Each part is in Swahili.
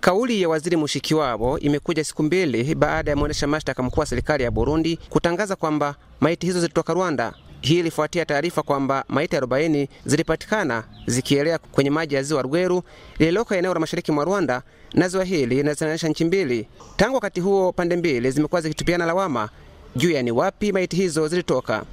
Kauli ya waziri Mushikiwabo imekuja siku mbili baada ya mwendesha mashtaka mkuu wa serikali ya Burundi kutangaza kwamba maiti hizo zilitoka Rwanda. Hii ilifuatia taarifa kwamba maiti 40 zilipatikana zikielea kwenye maji ya ziwa Rweru lililoko eneo la mashariki mwa Rwanda na ziwa hili linazitenganisha nchi mbili. Tangu wakati huo, pande mbili zimekuwa zikitupiana lawama juu ya ni wapi maiti hizo zilitoka.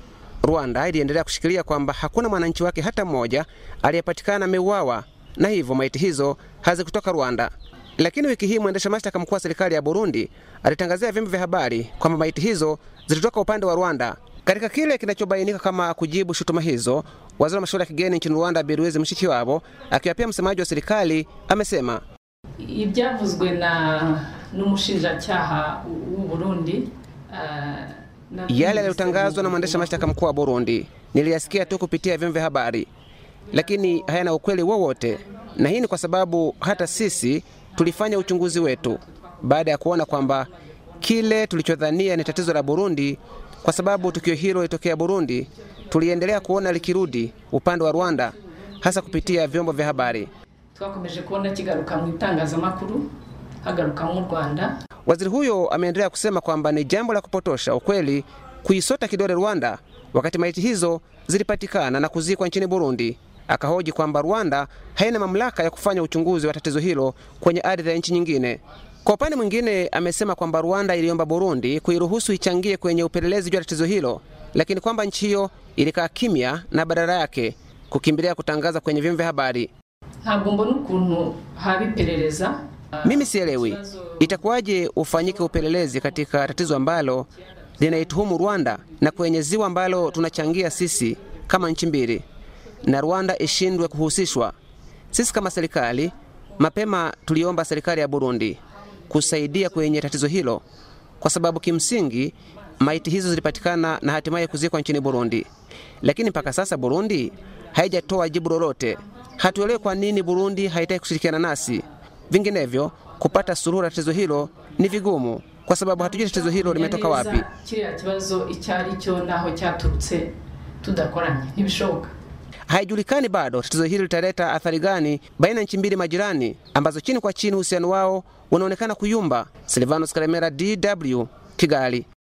Rwanda iliendelea kushikilia kwamba hakuna mwananchi wake hata mmoja aliyepatikana ameuawa na hivyo maiti hizo hazikutoka Rwanda. Lakini wiki hii mwendesha mashtaka mkuu wa serikali ya Burundi alitangazia vyombo vya habari kwamba maiti hizo zilitoka upande wa Rwanda. Katika kile kinachobainika kama kujibu shutuma hizo, waziri wa mashauri ya kigeni nchini Rwanda Biruizi Mushikiwabo, akiwa pia msemaji wa serikali, amesema ibyavuzwe na n'umushinjacyaha Burundi uh, yale yaliyotangazwa na mwendesha mashtaka mkuu wa Burundi niliyasikia tu kupitia vyombo vya habari, lakini hayana ukweli wowote, na hii ni kwa sababu hata sisi tulifanya uchunguzi wetu baada ya kuona kwamba kile tulichodhania ni tatizo la Burundi, kwa sababu tukio hilo litokea Burundi, tuliendelea kuona likirudi upande wa Rwanda, hasa kupitia vyombo vya habari. twakomeje kuona kigaruka mu itangazamakuru hagaruka mu Rwanda. Waziri huyo ameendelea kusema kwamba ni jambo la kupotosha ukweli kuisota kidole Rwanda wakati maiti hizo zilipatikana na kuzikwa nchini Burundi akahoji kwamba Rwanda haina mamlaka ya kufanya uchunguzi wa tatizo hilo kwenye ardhi ya nchi nyingine. Kwa upande mwingine, amesema kwamba Rwanda iliomba Burundi kuiruhusu ichangie kwenye upelelezi juu ya tatizo hilo, lakini kwamba nchi hiyo ilikaa kimya na badala yake kukimbilia kutangaza kwenye vyombo vya habari. Uh, Mimi sielewi itakuwaje ufanyike upelelezi katika tatizo ambalo linaituhumu Rwanda na kwenye ziwa ambalo tunachangia sisi kama nchi mbili na Rwanda ishindwe kuhusishwa. Sisi kama serikali mapema tuliomba serikali ya Burundi kusaidia kwenye tatizo hilo, kwa sababu kimsingi maiti hizo zilipatikana na hatimaye kuzikwa nchini Burundi, lakini mpaka sasa Burundi haijatoa jibu lolote. Hatuelewi kwa nini Burundi haitaki kushirikiana nasi, vinginevyo kupata suluhu la tatizo hilo ni vigumu, kwa sababu hatujui tatizo hilo limetoka wapi. kiriya kibazo icyo cyo naho cyaturutse tudakoranye ntibishoboka Haijulikani bado tatizo hili litaleta athari gani baina ya nchi mbili majirani ambazo chini kwa chini uhusiano wao unaonekana kuyumba. Silvanos Karemera, DW, Kigali.